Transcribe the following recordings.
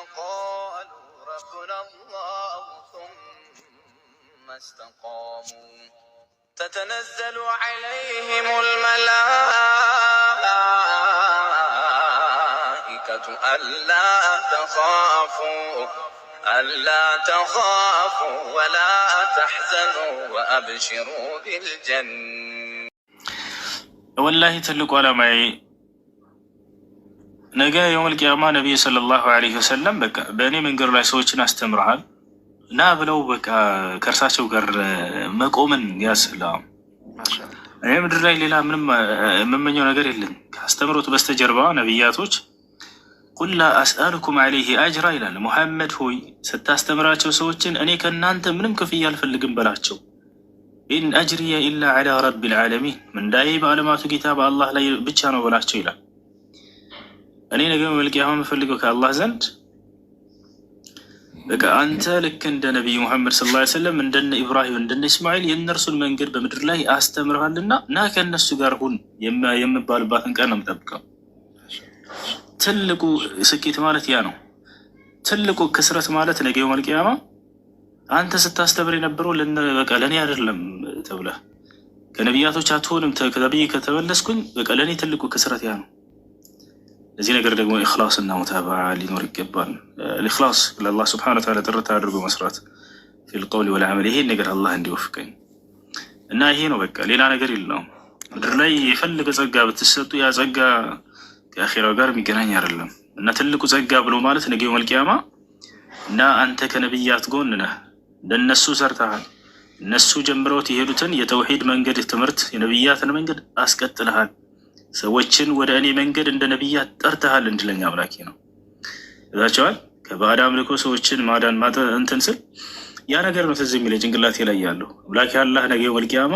قالوا ربنا الله ثم استقاموا تتنزل عليهم الملائكة ألا تخافوا ألا تخافوا ولا تحزنوا وأبشروا بالجنة والله تلك على معي ነገ የውመል ቂያማ ነቢይ ሰለላሁ አለይሂ ወሰለም በቃ በእኔ መንገድ ላይ ሰዎችን አስተምረሃል እና ብለው በቃ ከእርሳቸው ጋር መቆምን ያስላም። እኔ ምድር ላይ ሌላ ምንም የምመኘው ነገር የለም ከአስተምሮት በስተጀርባ ነቢያቶች ቁላ ላ አስአልኩም አለይህ አጅራ ይላል። ሙሐመድ ሆይ ስታስተምራቸው ሰዎችን እኔ ከእናንተ ምንም ክፍያ አልፈልግም በላቸው። ኢን አጅሪየ ኢላ ዐላ ረቢል ዓለሚን ምንዳዬ በዓለማቱ ጌታ በአላህ ላይ ብቻ ነው በላቸው ይላል። እኔ ነገ መልቅያማ የምፈልገው ከአላህ ዘንድ በቃ አንተ ልክ እንደ ነቢይ ሙሐመድ ሰለላሁ ላ ወሰለም እንደነ ኢብራሂም እንደነ እስማኤል የእነርሱን መንገድ በምድር ላይ አስተምረሃልና ና ከእነሱ ጋር ሁን የምባልባትን ቀን ነው የምጠብቀው። ትልቁ ስኬት ማለት ያ ነው። ትልቁ ክስረት ማለት ነገ መልቅያማ አንተ ስታስተምር የነበረው በቃ ለእኔ አይደለም ተብለህ ከነቢያቶች አትሆንም ከተብዬ ከተመለስኩኝ በቃ ለእኔ ትልቁ ክስረት ያ ነው። እዚህ ነገር ደግሞ ኢኽላስ እና ሙታበዓ ሊኖር ይገባል። ኢኽላስ ለአላህ ስብሐነ ወተዓላ ጥርት አድርጎ መስራት ፊል ቀውል ይሄን ነገር አላህ እንዲወፍቀኝ እና ይሄ ነው በቃ፣ ሌላ ነገር የለውም። ምድር ላይ የፈለገ ጸጋ ብትሰጡ ያ ጸጋ ከአኼራው ጋር የሚገናኝ አይደለም እና ትልቁ ጸጋ ብሎ ማለት ነገ መልቅያማ እና አንተ ከነብያት ጎን ነህ፣ እንደነሱ ሰርተሃል። እነሱ ጀምረውት የሄዱትን የተውሂድ መንገድ ትምህርት የነብያትን መንገድ አስቀጥልሃል። ሰዎችን ወደ እኔ መንገድ እንደ ነቢያት ጠርተሃል እንድለኝ አምላኬ ነው እዛቸዋል። ከባዕድ አምልኮ ሰዎችን ማዳን እንትን ስል ያ ነገር ነው ትዝ የሚለኝ ጭንቅላቴ ላይ ያለው አምላኬ አላህ ነገ ወልቅያማ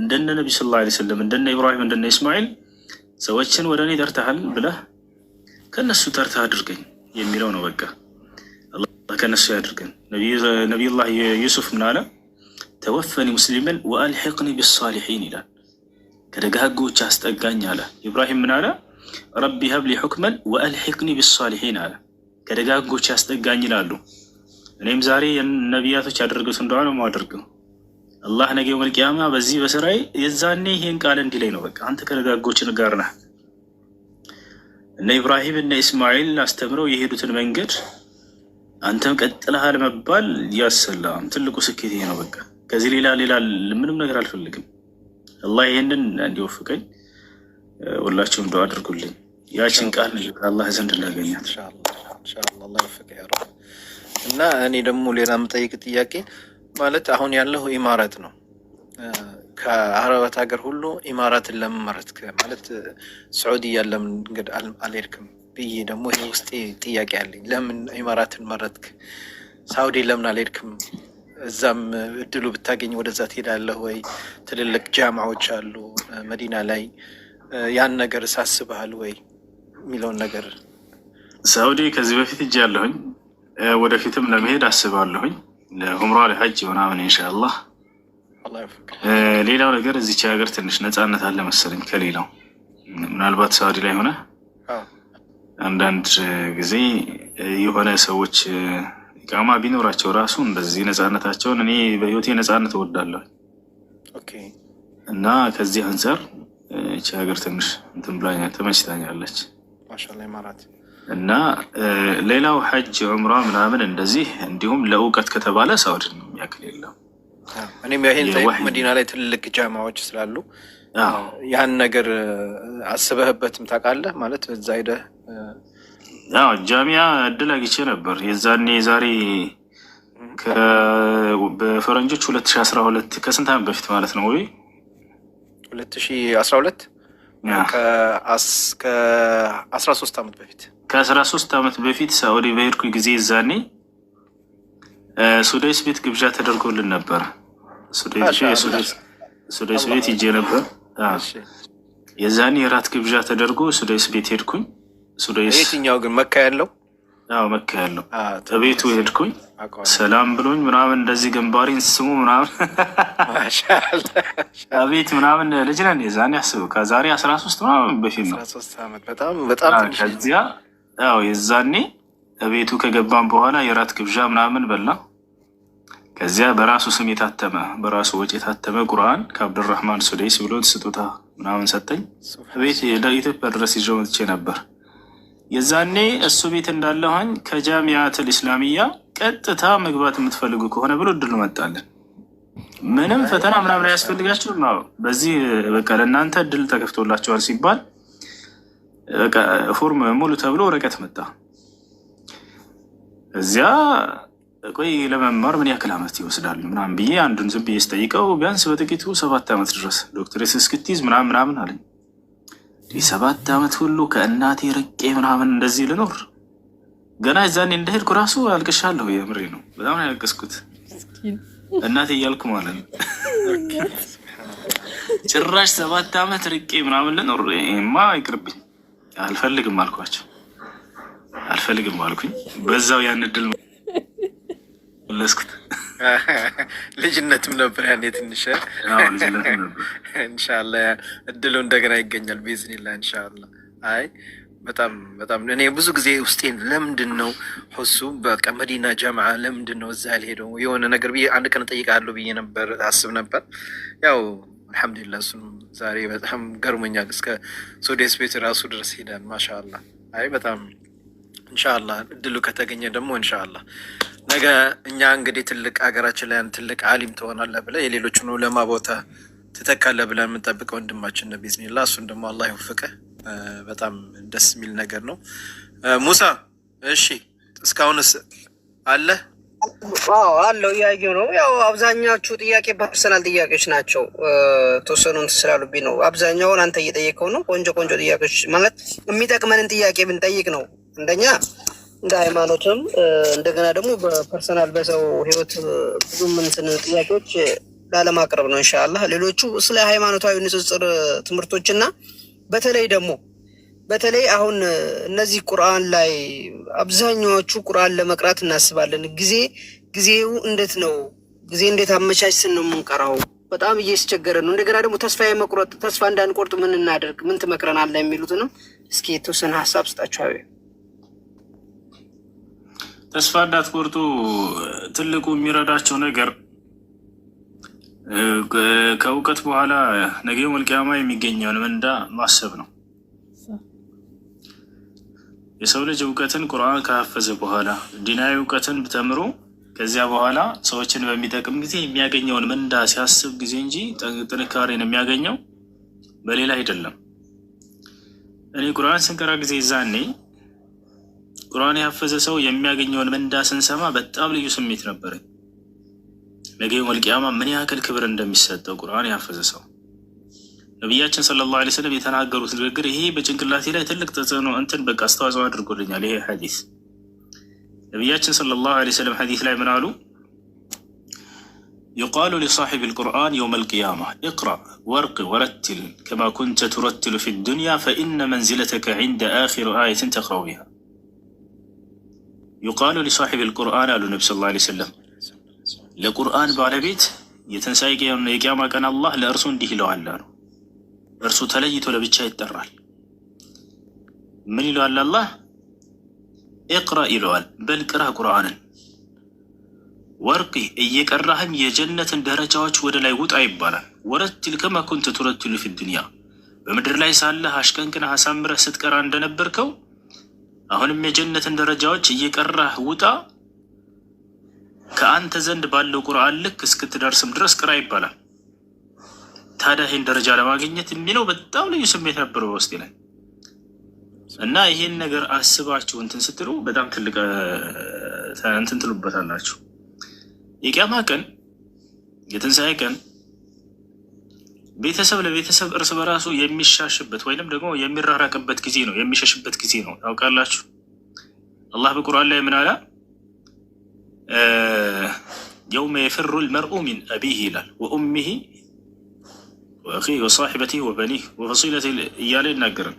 እንደነ ነቢ ስ ላ ስለም እንደነ ኢብራሂም እንደነ እስማኤል ሰዎችን ወደ እኔ ጠርተሃል ብለህ ከነሱ ጠርተህ አድርገኝ የሚለው ነው። በቃ ከነሱ ያድርገን። ነቢዩላህ ዩሱፍ ምናለ ተወፈኒ ሙስሊምን ወአልሕቅኒ ብሳሊሒን ይላል። ከደጋጎች አስጠጋኝ አለ። ኢብራሂም ምን አለ? ረቢ ሀብሊ ሑክመን ወአልሒቅኒ ቢሳሊሒን አለ። ከደጋጎች አስጠጋኝ ይላሉ። እኔም ዛሬ ነቢያቶች ያደረጉት እንደሆነ ማድርገው አላህ ነገ መልቅያማ በዚህ በስራይ የዛኔ ይሄን ቃል እንዲላይ ነው። በቃ አንተ ከደጋጎች ጋር ነህ። እነ ኢብራሂም እነ ኢስማኤል አስተምረው የሄዱትን መንገድ አንተም ቀጥልሃል መባል ያሰላም ትልቁ ስኬት ይሄ ነው። በቃ ከዚህ ሌላ ሌላ ምንም ነገር አልፈልግም። አላህ ይህንን እንዲወፍቀኝ ሁላችሁም እንደው አድርጉልኝ። ያችን ቃል አላህ ዘንድ እናገኛት እና እኔ ደግሞ ሌላ የምጠይቅ ጥያቄ ማለት አሁን ያለሁ ኢማራት ነው ከአረባት ሀገር ሁሉ ኢማራትን ለምን መረጥክ? ማለት ስዑዲያ ለምን እንግዲህ አልሄድክም ብዬ ደግሞ ውስጤ ጥያቄ አለኝ። ለምን ኢማራትን መረጥክ? ሳውዲ ለምን አልሄድክም? እዛም እድሉ ብታገኝ ወደዛ ትሄዳለህ ወይ? ትልልቅ ጃማዎች አሉ መዲና ላይ ያን ነገር ሳስበሃል ወይ የሚለውን ነገር። ሳውዲ ከዚህ በፊት እጅ ያለሁኝ ወደፊትም ለመሄድ አስባለሁኝ ለዑምራ ለሐጅ ምናምን ኢንሻአላህ። ሌላው ነገር እዚች ሀገር ትንሽ ነፃነት አለ መሰለኝ ከሌላው ምናልባት ሳውዲ ላይ ሆነ አንዳንድ ጊዜ የሆነ ሰዎች ቃማ ቢኖራቸው ራሱ እንደዚህ ነፃነታቸውን እኔ በህይወቴ ነፃነት እወዳለሁ እና ከዚህ አንጻር ይቺ ሀገር ትንሽ እንትን ብላኛ ተመችታኛለች እና ሌላው ሐጅ ዑምራ ምናምን እንደዚህ እንዲሁም ለእውቀት ከተባለ ሳውድን የሚያክል የለም። እኔም ይህን መዲና ላይ ትልልቅ ጃማዎች ስላሉ ያን ነገር አስበህበትም ታውቃለህ ማለት በዛ ሄደህ ያው ጃሚያ እድል አግኝቼ ነበር የዛኔ ዛሬ በፈረንጆች ሁለት ሺ አስራ ሁለት ከስንት ዓመት በፊት ማለት ነው ወይ ሁለት ሺ አስራ ሁለት ከአስራ ሶስት ዓመት በፊት ከአስራ ሶስት ዓመት በፊት ሳኡዲ በሄድኩ ጊዜ የዛኔ ሱዳይስ ቤት ግብዣ ተደርጎልን ነበር። ሱዳይስ ቤት ሂጄ ነበር። የዛኔ የራት ግብዣ ተደርጎ ሱዳይስ ቤት ሄድኩኝ። የትኛው ግን መካ ያለው ያው መካ ያለው በቤቱ ሄድኩኝ ሰላም ብሎኝ ምናምን እንደዚህ ገንባሪን ስሙ ምናምን ቤት ምናምን ልጅ ነን የዛኔ አስበው ከዛሬ አስራ ሶስት ምናምን በፊት ነው። ከዚያ ያው የዛኔ ቤቱ ከገባን በኋላ የራት ግብዣ ምናምን በላ። ከዚያ በራሱ ስም የታተመ በራሱ ወጪ የታተመ ቁርአን ከአብዱራህማን ሱደይስ ብሎ ስጦታ ምናምን ሰጠኝ። ቤት ለኢትዮጵያ ድረስ ይዤው መጥቼ ነበር። የዛኔ እሱ ቤት እንዳለኋኝ ከጃሚያትል ኢስላሚያ ቀጥታ መግባት የምትፈልጉ ከሆነ ብሎ እድሉ መጣለን። ምንም ፈተና ምናምን አያስፈልጋችሁም ነው። በዚህ በቃ ለእናንተ እድል ተከፍቶላቸዋል ሲባል ፎርም ሙሉ ተብሎ ወረቀት መጣ። እዚያ ቆይ ለመማር ምን ያክል ዓመት ይወስዳሉ ምናምን ብዬ አንዱን ዝም ብዬ ስጠይቀው ቢያንስ በጥቂቱ ሰባት ዓመት ድረስ ዶክተሬት እስክትይዝ ምናምን ምናምን አለኝ። የሰባት ዓመት ሁሉ ከእናቴ ርቄ ምናምን እንደዚህ ልኖር ገና እዛኔ እንደሄድኩ ራሱ አልቅሻለሁ። የምሬ ነው። በጣም ነው ያለቀስኩት እናቴ እያልኩ ማለት ነው። ጭራሽ ሰባት ዓመት ርቄ ምናምን ልኖር ማ ይቅርብኝ፣ አልፈልግም አልኳቸው። አልፈልግም አልኩኝ። በዛው ያን እድል መለስኩት። ልጅነትም ነበር ያኔ ትንሽ እንሻላ እድሉ እንደገና ይገኛል። ቤዝኒላ እንሻላ አይ በጣም በጣም እኔ ብዙ ጊዜ ውስጤን ለምንድን ነው ሁሱ በቃ መዲና ጀምዓ ለምንድን ነው እዛ ያልሄደው የሆነ ነገር ብዬ አንድ ቀን እጠይቃለሁ ብዬ ነበር አስብ ነበር። ያው አልሐምዱሊላ እሱም ዛሬ በጣም ገርሞኛል። እስከ ሶዴስ ቤት ራሱ ድረስ ሄዳል። ማሻላ አይ በጣም እንሻላ እድሉ ከተገኘ ደግሞ እንሻላ ነገ እኛ እንግዲህ ትልቅ ሀገራችን ላይ ትልቅ አሊም ትሆናለህ ብለህ የሌሎችን ለማ ቦታ ትተካለህ ብለን የምንጠብቀው ወንድማችን ቢዝኒላ፣ እሱን ደግሞ አላህ ይወፍቅህ። በጣም ደስ የሚል ነገር ነው። ሙሳ እሺ፣ እስካሁንስ አለ አለው እያየሁ ነው። ያው አብዛኛዎቹ ጥያቄ ፐርሰናል ጥያቄዎች ናቸው። ተወሰኑን ስላሉብኝ ነው። አብዛኛውን አንተ እየጠየቀው ነው። ቆንጆ ቆንጆ ጥያቄዎች ማለት የሚጠቅመንን ጥያቄ ብንጠይቅ ነው አንደኛ እንደ ሃይማኖትም እንደገና ደግሞ በፐርሰናል በሰው ህይወት ብዙ ምንትን ጥያቄዎች ላለማቅረብ ነው። እንሻላ ሌሎቹ ስለ ሃይማኖታዊ ንጽጽር ትምህርቶችና በተለይ ደግሞ በተለይ አሁን እነዚህ ቁርአን ላይ አብዛኛዎቹ ቁርአን ለመቅራት እናስባለን። ጊዜ ጊዜው እንዴት ነው? ጊዜ እንዴት አመቻችተን ነው የምንቀራው? በጣም እያስቸገረ ነው። እንደገና ደግሞ ተስፋ የመቁረጥ ተስፋ እንዳንቆርጥ ምን እናደርግ? ምን ትመክረናለ? የሚሉትንም እስኪ የተወሰነ ሀሳብ ስጣቸው። ተስፋ እንዳትቆርጡ። ትልቁ የሚረዳቸው ነገር ከእውቀት በኋላ ነገ ወልቅያማ የሚገኘውን ምንዳ ማሰብ ነው። የሰው ልጅ እውቀትን ቁርአን ካፈዘ በኋላ ዲናዊ እውቀትን ተምሮ ከዚያ በኋላ ሰዎችን በሚጠቅም ጊዜ የሚያገኘውን ምንዳ ሲያስብ ጊዜ እንጂ ጥንካሬን የሚያገኘው በሌላ አይደለም። እኔ ቁርአን ስንቀራ ጊዜ ዛኔ ቁርአን ያፈዘ ሰው የሚያገኘውን ምንዳ ስንሰማ በጣም ልዩ ስሜት ነበረኝ። ነገ ወልቅያማ ምን ያክል ክብር እንደሚሰጠው ቁርአን ያፈዘ ሰው ነቢያችን ሰለላሁ ዐለይሂ ወሰለም የተናገሩት ንግግር ይሄ በጭንቅላቴ ላይ ትልቅ ተጽዕኖ እንትን በቃ አስተዋጽኦ አድርጎልኛል። ይሄ ሐዲስ ነቢያችን ሰለላሁ ዐለይሂ ወሰለም ሐዲስ ላይ ምን አሉ? ዩቃሉ ሊሳሒብ ልቁርአን የውም ልቅያማ እቅራ ወርቅ ወረትል ከማ ኩንተ ቱረትሉ ፊ ዱንያ ፈኢነ መንዚለተከ ዒንደ አኪር አየትን ተቅረው ቢሃ ዩቃሉ ሊሳሒብ ልቁርአን አሉ ነቢ ስለ ላ ሰለም ለቁርአን ባለቤት የትንሣኤ የቅያማ ቀን አላህ ለእርሱ እንዲህ ይለዋል አሉ። እርሱ ተለይቶ ለብቻ ይጠራል። ምን ይለዋል አላህ? እቅራ ይለዋል። በል ቅራ ቁርአንን ወርቂ እየቀራህም የጀነትን ደረጃዎች ወደ ላይ ውጣ ይባላል። ወረቲል ከማ ኩንተ ቱረቲሉ ፊ ዱንያ በምድር ላይ ሳለህ አሽቀንቅነህ አሳምረህ ስትቀራ እንደነበርከው አሁንም የጀነትን ደረጃዎች እየቀራህ ውጣ። ከአንተ ዘንድ ባለው ቁርአን ልክ እስክትደርስም ድረስ ቅራ ይባላል። ታዲያ ይህን ደረጃ ለማግኘት የሚለው በጣም ልዩ ስሜት ነበር በውስጤ ላይ እና ይሄን ነገር አስባችሁ እንትን ስትሉ በጣም ትልቅ እንትን ትሉበታላችሁ። የቅያማ ቀን የትንሣኤ ቀን ቤተሰብ ለቤተሰብ እርስ በራሱ የሚሻሽበት ወይንም ደግሞ የሚራራቅበት ጊዜ ነው፣ የሚሸሽበት ጊዜ ነው። ያውቃላችሁ አላህ በቁርአን ላይ ምን አላ? የውመ የፍሩ ልመርኡ ሚን አቢህ ይላል ወኡሚህ ወአኺ ወሳሒበቲ ወበኒህ ወፈሲለት እያለ ይናገራል።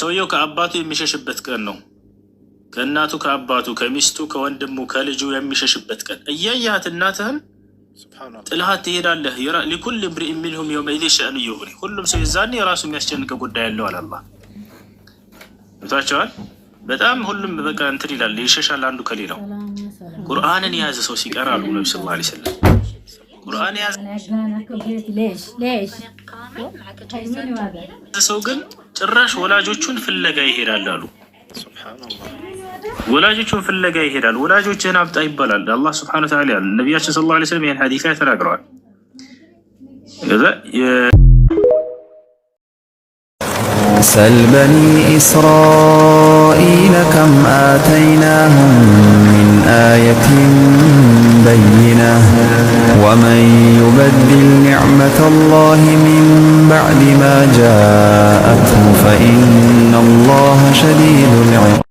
ሰውየው ከአባቱ የሚሸሽበት ቀን ነው። ከእናቱ ከአባቱ፣ ከሚስቱ፣ ከወንድሙ፣ ከልጁ የሚሸሽበት ቀን እያያት እናትህን ጥልሃት ትሄዳለህ። ሊኩል ምሪእ ሚንሁም የውመይዚ ሸእን ዩግኒ፣ ሁሉም ሰው የዛኔ የራሱ የሚያስጨንቀ ጉዳይ ያለው አላላ ብታቸዋል። በጣም ሁሉም በቃ እንትን ይላል፣ ይሸሻል አንዱ ከሌላው። ቁርአንን የያዘ ሰው ሲቀር አሉ ነቢ ስላ ላ ስለም ቁርአን የያዘ ሰው ግን ጭራሽ ወላጆቹን ፍለጋ ይሄዳል አሉ። ወላጆቹን ፍለጋ ይሄዳል። ወላጆችህን አምጣ ይባላል። አላህ ስብሐነ ወተዓላ ያለ ነቢያችን ሰለላሁ ዓለይሂ ወሰለም ይህን ሀዲስ ላይ ተናግረዋል። ሰል በኒ ኢስራኢለ ከም አተይናሁም ሚን አየትን በይና ወመን ዩበድል ኒዕመተ አላህ ሚን ባዕድ ማ ጃአትሁ ፈኢነ አላህ ሸዲዱል ዒቃብ